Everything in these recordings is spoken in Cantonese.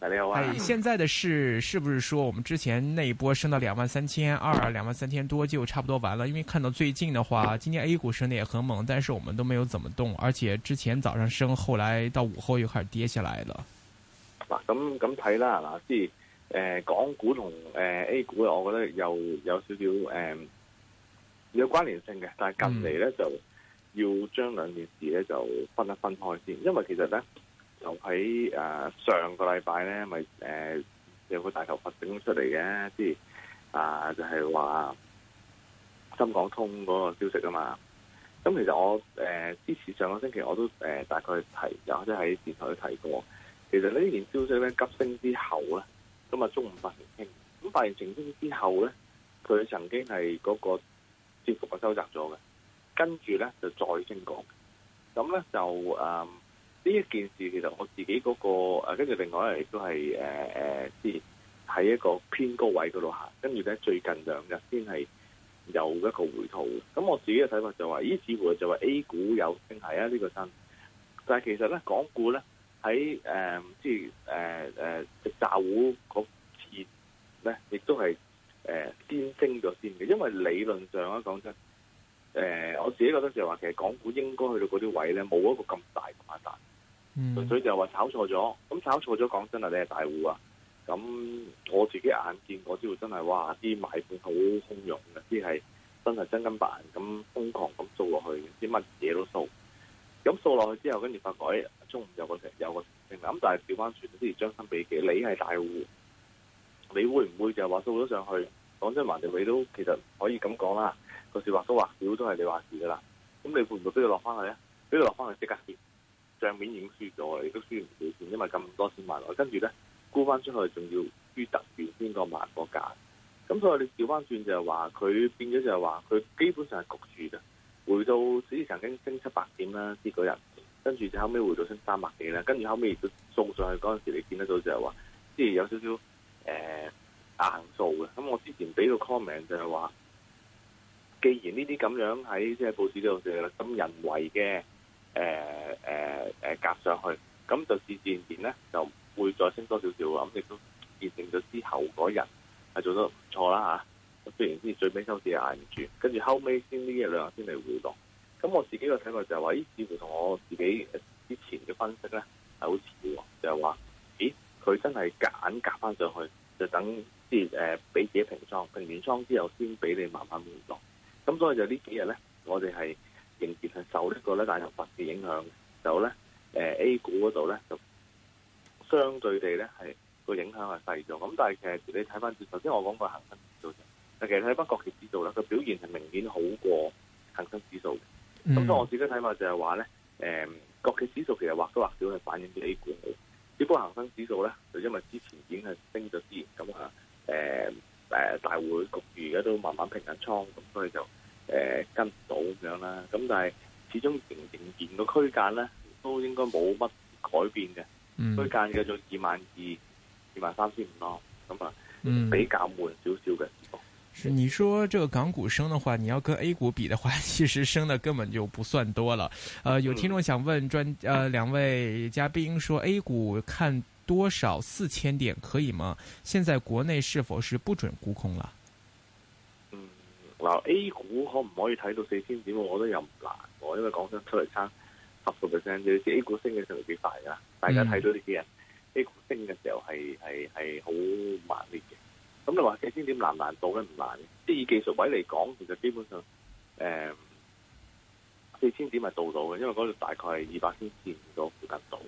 你啊哎，現在的事是不是說，我們之前那一波升到兩萬三千二、兩萬三千多就差不多完了？因為看到最近的話，今年 A 股升得也很猛，但是我們都沒有怎麼動，而且之前早上升，後來到午後又開始跌下來了。嗱，嗯，咁咁睇啦，嗱，即係港股同 A 股，我覺得又有少少有關聯性嘅，但係近嚟呢，就要將兩件事呢就分一分開先，因為其實呢。就喺誒、呃、上個禮拜咧，咪、呃、誒有個大球發整出嚟嘅，即係啊，就係、是、話深港通嗰個消息啊嘛。咁、嗯、其實我誒之前上個星期我都誒、呃、大概去提，即係喺電台都提過。其實呢件消息咧急升之後咧，咁、嗯、啊中午發澄清。咁發完澄清之後咧，佢曾經係嗰個跌幅啊收窄咗嘅，跟住咧就再升講，咁、嗯、咧就誒。呃呢一件事其實我自己嗰、那個誒，跟住另外一亦都係誒誒，先、呃、喺一個偏高位嗰度行，跟住咧最近兩日先係有一個回吐。咁我自己嘅睇法就話，咦，似乎就話 A 股有升係啊，呢、這個新。但係其實咧，港股咧喺誒，即係誒誒，呃呃呃、炸糊嗰次咧，亦都係誒、呃、先升咗先嘅。因為理論上啊，講真，誒、呃，我自己覺得就話，其實港股應該去到嗰啲位咧，冇一個咁大嘅反彈。所、嗯、以就話炒錯咗，咁炒錯咗講真係啊，你係大戶啊，咁我自己眼見過之後真係哇，啲買盤好洶湧嘅，啲係真係真金白銀咁瘋狂咁掃落去，啲乜嘢都掃，咁掃落去之後，跟住發覺，中午有個成有個成咁，但係調翻轉即要將心比己。你係大戶，你會唔會就話掃咗上去？講真話，你都其實可以咁講啦，個說話都話少，都係你話事噶啦。咁你會唔會俾佢落翻去啊？俾佢落翻去即刻賬面已經輸咗，亦都輸唔少錢，因為咁多錢買落，跟住咧沽翻出去輸輸，仲要輸得完先個萬個價。咁所以你調翻轉就係話，佢變咗就係話，佢基本上係焗住嘅。回到只曾經升七百點啦，啲嗰日，跟住就後尾回到升三百幾啦，跟住後尾送上去嗰陣時，你見得到就係話，即係有少少誒硬做嘅。咁我之前俾個 comment 就係話，既然呢啲咁樣喺即係報紙度寫，就係咁人為嘅。誒誒誒，夾、呃、上去，咁就自自然然咧，就會再升多少少啊。咁亦都見證咗之後嗰日係做得唔錯啦吓、啊。雖然先最尾收市捱唔住，跟住後尾先呢一兩日先嚟回落。咁我自己嘅睇法就係話，咦，似乎同我自己之前嘅分析咧係好似嘅，就係、是、話，咦，佢真係夾硬夾翻上去，就等即係誒，俾、呃、自己平倉，平完倉之後先俾你慢慢回落。咁所以就幾呢幾日咧，我哋係。仍然係受呢個咧大頭佛嘅影響，就咧誒 A 股嗰度咧就相對地咧係個影響係細咗，咁但係其實你睇翻，首先我講個恆生指數，但係其實睇翻國企指數啦，個表現係明顯好過恆生指數嘅。咁所以我自己睇法就係話咧，誒國企指數其實或多或少係反映啲 A 股，只不過恆生指數咧就因為之前已經係升咗啲，咁啊誒誒大會局而家都慢慢平緊倉，咁所以就。誒、呃，跟唔到咁樣啦，咁但係始終形成個區間咧，都應該冇乜改變嘅，區、嗯、間叫做二萬二二萬三千五咯，咁啊，比較悶少少嘅。是，你說這個港股升的話，你要跟 A 股比的話，其實升的根本就不算多了。呃，有聽眾想問專，呃，兩位嘉賓說、嗯、A 股看多少四千點可以嗎？現在國內是否是不准沽空了？A 股可唔可以睇到四千點？我也覺得又唔難，我因為講真出嚟差十個 percent 啫。A 股升嘅時候幾快噶，大家睇到呢幾日 A 股升嘅時候係係係好猛烈嘅。咁你話四千點難唔難到咧？唔難嘅即係以技術位嚟講，其實基本上誒四千點係到到嘅，因為嗰度大概係二百先至線個附近到。誒、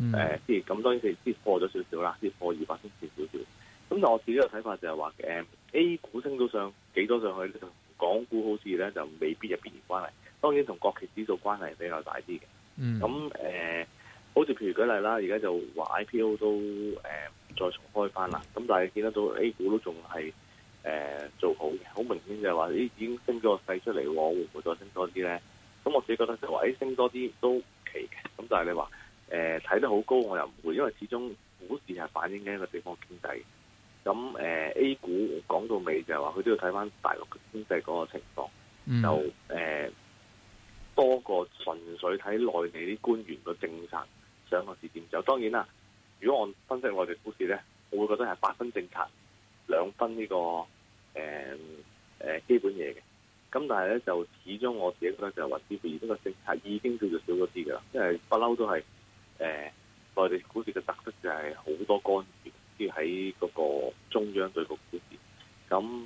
嗯。即係咁，當然佢跌破咗少少啦，跌破二百先至少少。咁但我自己嘅睇法就係話誒，A 股升到上幾多少上去咧？港股好似咧就未必有必然關係，當然同國企指數關係比較大啲嘅。咁、嗯、誒、呃，好似譬如舉例啦，而家就話 IPO 都誒、呃、再重開翻啦。咁但係見得到 A 股都仲係誒做好嘅，好明顯就係話啲已經升咗個勢出嚟，會唔會再升多啲咧？咁我自己覺得即係話，誒升多啲都唔奇嘅。咁但係你話誒睇得好高，我又唔會，因為始終股市係反映緊一個地方經濟。咁誒、呃、A 股講到尾就係話佢都要睇翻大陸經濟嗰個情況，嗯，就誒、呃、多過純粹睇內地啲官員個政策上個事件。就當然啦，如果我分析內地股市咧，我會覺得係八分政策，兩分呢、這個誒誒、呃呃、基本嘢嘅。咁但係咧就始終我自己覺得就係話，似乎而家個政策已經叫做少咗啲噶啦，因為不嬲都係誒內地股市嘅特色就係好多干預嘅。要喺嗰個中央對局嗰邊，咁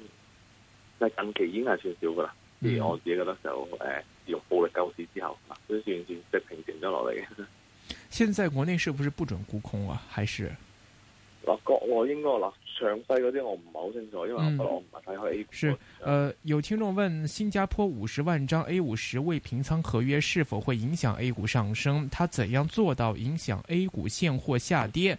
但係近期已經係算少噶啦。我自己覺得就誒、呃，用暴力救市之後，都算算即平靜咗落嚟嘅。現在國內是不是不准沽空啊？還是我國外應該啦，詳細嗰啲我唔係好清楚，因為我唔係睇開 A 股。嗯、是，誒、呃，有聽眾問：新加坡五十萬張 A 五十未平倉合約是否會影響 A 股上升？它怎樣做到影響 A 股現貨下跌？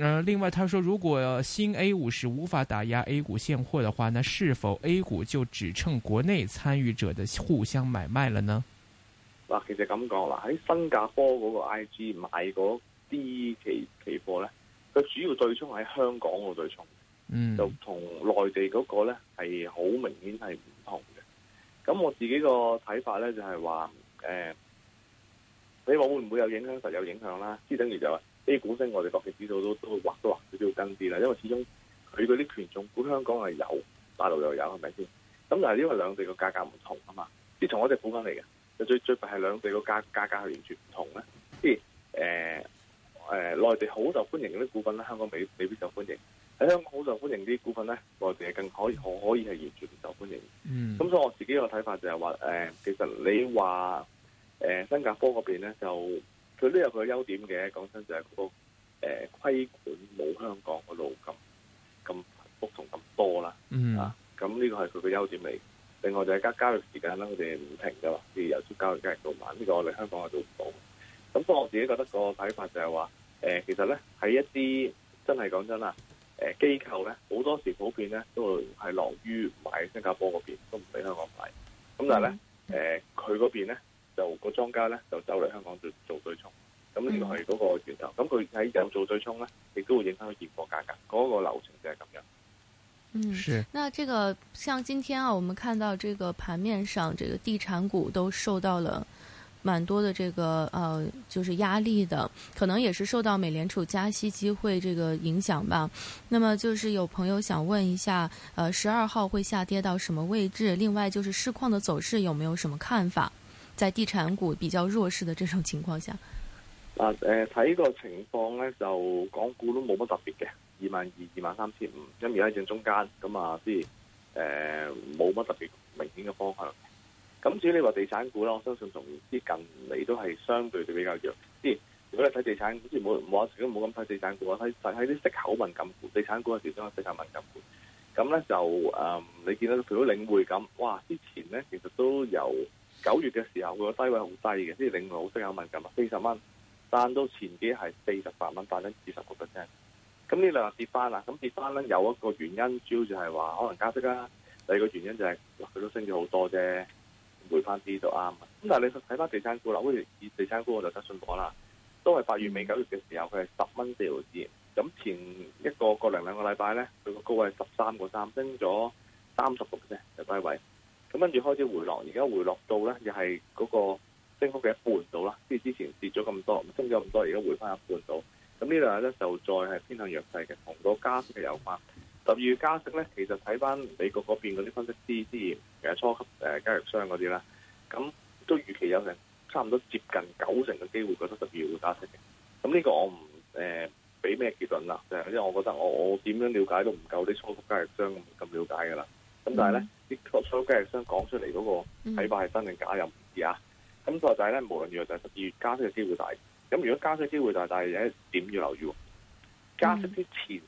嗯，另外他說，如果新 A 五十無法打壓 A 股現貨的話，那是否 A 股就只剩國內參與者的互相買賣了呢？嗱，其實咁講，嗱喺新加坡嗰個 IG 買嗰啲期期貨咧，佢主要對沖喺香港個對沖，嗯，就同內地嗰個咧係好明顯係唔同嘅。咁我自己個睇法咧就係話，誒、呃，你話會唔會有影響？實有影響啦，即等於就是。啲股升，我哋國企指數都都或多或少佢都要跟啲啦。因為始終佢嗰啲權重股香港係有，大陸又有，係咪先？咁但係因為兩地個價格唔同啊嘛，即係同一隻股份嚟嘅，就最最弊係兩地個價價格係完全唔同咧。即係誒誒，內地好受歡迎啲股份咧，香港未未必受歡迎；喺香港好受歡迎啲股份咧，內地係更可以可可以係完全唔受歡迎。咁、mm. 所以我自己個睇法就係話誒，其實你話誒、呃、新加坡嗰邊咧就。佢都有佢嘅優點嘅，講真就係嗰、那個誒、呃、規管冇香港嗰路咁咁複雜同咁多啦，mm-hmm. 啊咁呢個係佢嘅優點嚟。另外就係交交易時間咧，佢哋唔停嘅嘛，譬如有出交易一日到晚，呢、這個我哋香港係做唔到。咁不過我自己覺得個睇法就係話，誒、呃、其實咧喺一啲真係講真啊，誒、呃、機構咧好多時普遍咧都會係樂於買新加坡嗰邊，都唔俾香港買。咁但係咧，誒佢嗰邊咧。就、嗰個莊家呢，就走嚟香港做做對沖，咁呢個係嗰個源頭。咁佢喺度做對沖呢，亦都會影響佢現貨價格。嗰、嗰個流程就係咁樣。嗯，是。那這個像今天啊，我們看到這個盤面上，這個地產股都受到了蠻多的這個呃就是壓力的，可能也是受到美聯儲加息機會這個影響吧。那麼就是有朋友想問一下，呃十二號會下跌到什麼位置？另外就是市況的走勢有沒有什麼看法？在地產股比較弱勢的這種情況下，啊、呃，誒，睇個情況咧，就港股都冇乜特別嘅，二萬二、二萬三千五，而家喺正中間咁啊，即係誒，冇、呃、乜特別明顯嘅方向。咁至於你話地產股啦，我相信同之近嚟都係相對地比較弱。即、欸、係如果你睇地產，好似冇冇有時都冇咁睇地產股啊，睇睇啲息口敏感股，地產股嘅時都係息口敏感股。咁咧就誒、呃，你見到佢都領會咁，哇！之前咧其實都有。九月嘅時候，佢個低位好低嘅，即係領展好多有問及嘛，四十蚊，但都前期係四十八蚊，賺咗二十個 percent。咁呢兩日跌翻啦，咁跌翻咧有一個原因主要就係話可能加息啦，第二個原因就係、是、佢都升咗好多啫，回翻啲就啱。咁但係你睇翻地產股啦，好似地產股我就得信講啦，都係八月尾九月嘅時候佢係十蚊四毫紙，咁前一個一個零兩個禮拜咧，佢個高位係十三個三，升咗三十個 percent 就低位。咁跟住開始回落，而家回落到咧又係嗰個升幅嘅一半到啦，即係之前跌咗咁多，升咗咁多，而家回翻一半到。咁呢兩日咧就再係偏向弱勢嘅，同個加息嘅有關。十二月加息咧，其實睇翻美國嗰邊嗰啲分析師，當然其實初級誒交易商嗰啲啦，咁都預期有成差唔多接近九成嘅機會覺得十二月會加息嘅。咁呢個我唔誒俾咩結論啦，就係因為我覺得我我點樣了解都唔夠啲初級交易商咁了解㗎啦。咁、mm-hmm。但係咧，啲交易商講出嚟嗰個睇法係真定假又唔知啊！咁、mm-hmm。所以就係咧，無論如何就係十二月加息嘅機會大。咁如果加息機會大，但係有一點要留意喎，加息之前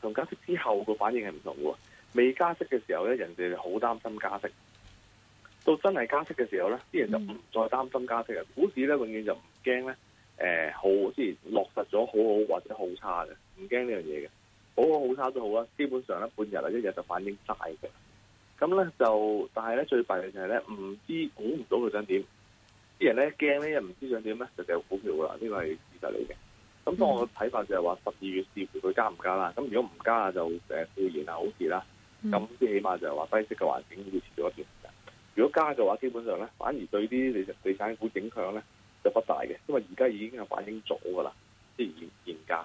同加息之後個反應係唔同喎。未加息嘅時候咧，人哋好擔心加息；到真係加息嘅時候咧，啲人就唔再擔心加息啊！股市咧永遠就唔驚咧，誒好即係落實咗好好或者好差嘅，唔驚呢樣嘢嘅。好啊，好差都好啊，基本上咧，半日啊，一日就反映曬嘅。咁咧就，但係咧最弊嘅就係咧，唔知估唔到佢想點。啲人咧驚咧，又唔知想點咧，就跌股票噶啦。呢個係事實嚟嘅。咁，當我嘅睇法就係話，十二月視乎佢加唔加啦。咁如果唔加啊，就成日固然係好事啦。咁，即起碼就係話低息嘅環境會持續一段時間。如果加嘅話，基本上咧，反而對啲地地產股影響咧就不大嘅，因為而家已經係反映早噶啦，即係現現價。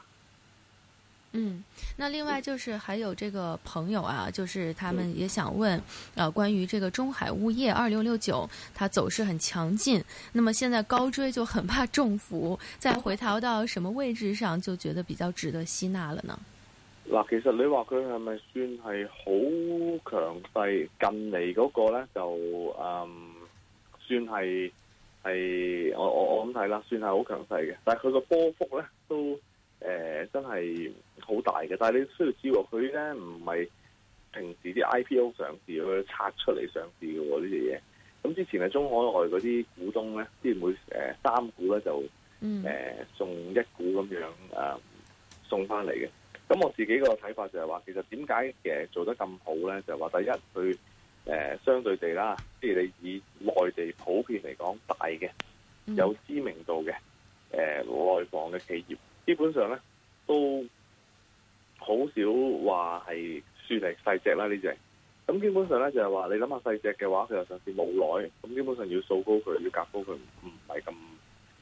嗯，那另外就是還有這個朋友啊，就是他們也想問，啊、呃、關於這個中海物業二六六九，它走勢很強勁，那麼現在高追就很怕中伏，再回調到什麼位置上就覺得比較值得吸納了呢？嗱，其實你話佢係咪算係好強勢？近嚟嗰個咧就，嗯，算係係我我我咁睇啦，算係好強勢嘅，但係佢個波幅咧都誒、呃、真係。好大嘅，但係你需要知喎，佢咧唔係平時啲 IPO 上市去拆出嚟上市嘅喎呢啲嘢。咁之前係中海外嗰啲股東咧，之前會誒三股咧就誒、嗯呃、送一股咁樣啊、呃、送翻嚟嘅。咁我自己個睇法就係、是、話，其實點解其實做得咁好咧？就係、是、話第一，佢誒、呃、相對地啦，即係你以內地普遍嚟講大嘅有知名度嘅誒、呃、內房嘅企業，基本上咧都。好少話係輸嚟細隻啦，呢隻，咁基本上咧就係話你諗下細隻嘅話，佢又上市冇耐，咁基本上要掃高佢，要夾高佢唔係咁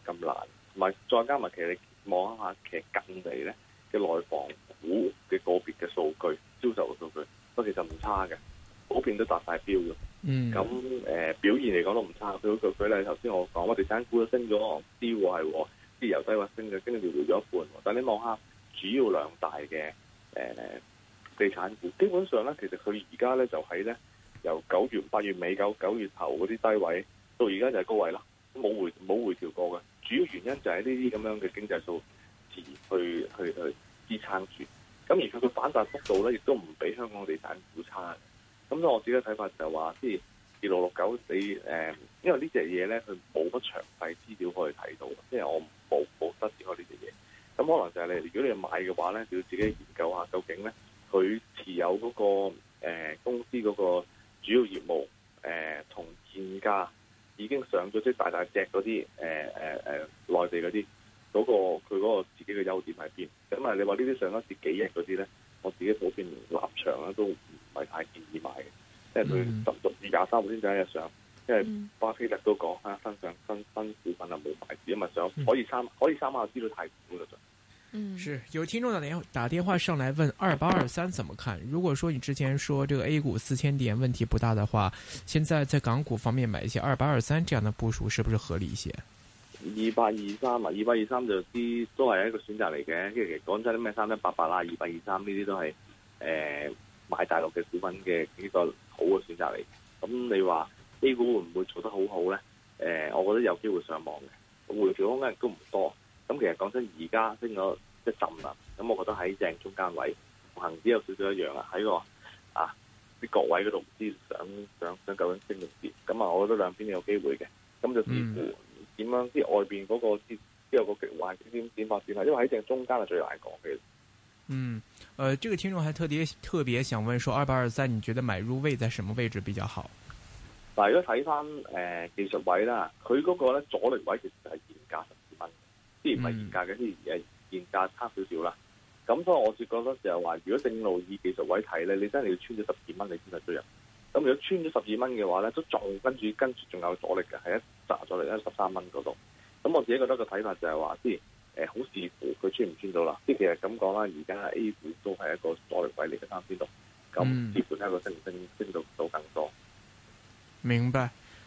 咁難，同埋再加埋其實你望一下其實近地咧嘅內房股嘅個別嘅數據、銷售嘅數據都其實唔差嘅，普遍都達晒標嘅。嗯，咁誒、呃、表現嚟講都唔差。佢舉例頭先我講，我地產股都升咗，啲係啲由低屈升嘅，跟住調回咗一半。但你望下主要兩大嘅。誒，地產股基本上咧，其實佢而家咧就喺咧由九月八月尾九九月頭嗰啲低位，到而家就係高位啦，冇回冇回調過嘅。主要原因就係呢啲咁樣嘅經濟數字去去去，去支撐住。咁而佢嘅反彈幅度咧，亦都唔比香港地產股差。咁所以我自己嘅睇法就係、是、話，即係二六六九比誒，因為這東西呢隻嘢咧，佢冇乜詳細資料可以睇到，即、就、係、是、我冇冇得點開呢隻嘢。咁可能就係你，如果你買嘅話咧，就要自己研究下究竟咧，佢持有嗰、嗰個、呃、公司嗰個主要業務誒、呃、同現價已經上咗啲大大隻嗰啲誒誒誒內地嗰啲嗰個佢嗰個自己嘅優點喺邊？咁、嗯、啊，你話呢啲上咗自己日嗰啲咧，我自己普遍連立場咧都唔係太建議買嘅，即係佢十十至廿三號先一日上，因為巴菲特都講啊，上分分股份啊冇牌子啊嘛，上可以三、嗯、可以參考資料太短嗯，是有聽眾打電打電話上來問二八二三怎麼看？如果說你之前說這個 A 股四千點問題不大的話，現在在港股方面買一些二八二三這樣的部署，是不是合理一些？二八二三啊，二八二三就啲、是、都係一個選擇嚟嘅。跟住其實講真啲咩，三一八八啦，二八二三呢啲都係誒買大陸嘅股份嘅呢個好嘅選擇嚟。咁你話 A 股會唔會做得好好咧？誒、呃，我覺得有機會上望嘅，回調空間都唔多。咁其實講真，而家升咗一浸啦，咁我覺得喺正中間位，恆指有少少一樣啊，喺個啊啲角位嗰度唔知想想，想究竟升啲，咁啊，我覺得兩邊都有機會嘅，咁就似乎點樣啲外邊嗰、那個啲有、這個極壞啲點點發展啦，因為喺正中間係最難講嘅。嗯，誒、呃，這個聽眾還特別特別想問，說二百二十三，你覺得買入位在什麼位置比較好？嗱，如果睇翻誒技術位啦，佢嗰個咧阻力位其實係唔係現價嘅，啲誒現價差少少啦。咁所以我就覺得就係話，如果正路以技術位睇咧，你真係要穿咗十二蚊你先係追入。咁如果穿咗十二蚊嘅話咧，都仲跟住跟住仲有阻力嘅，係一砸阻力，一十三蚊嗰度。咁我自己覺得個睇法就係話，先誒、呃、好視乎佢穿唔穿到啦。即其實咁講啦，而家 A 股都係一個阻力位嚟嘅三千六，咁似乎一個升唔升升到到更多。明白。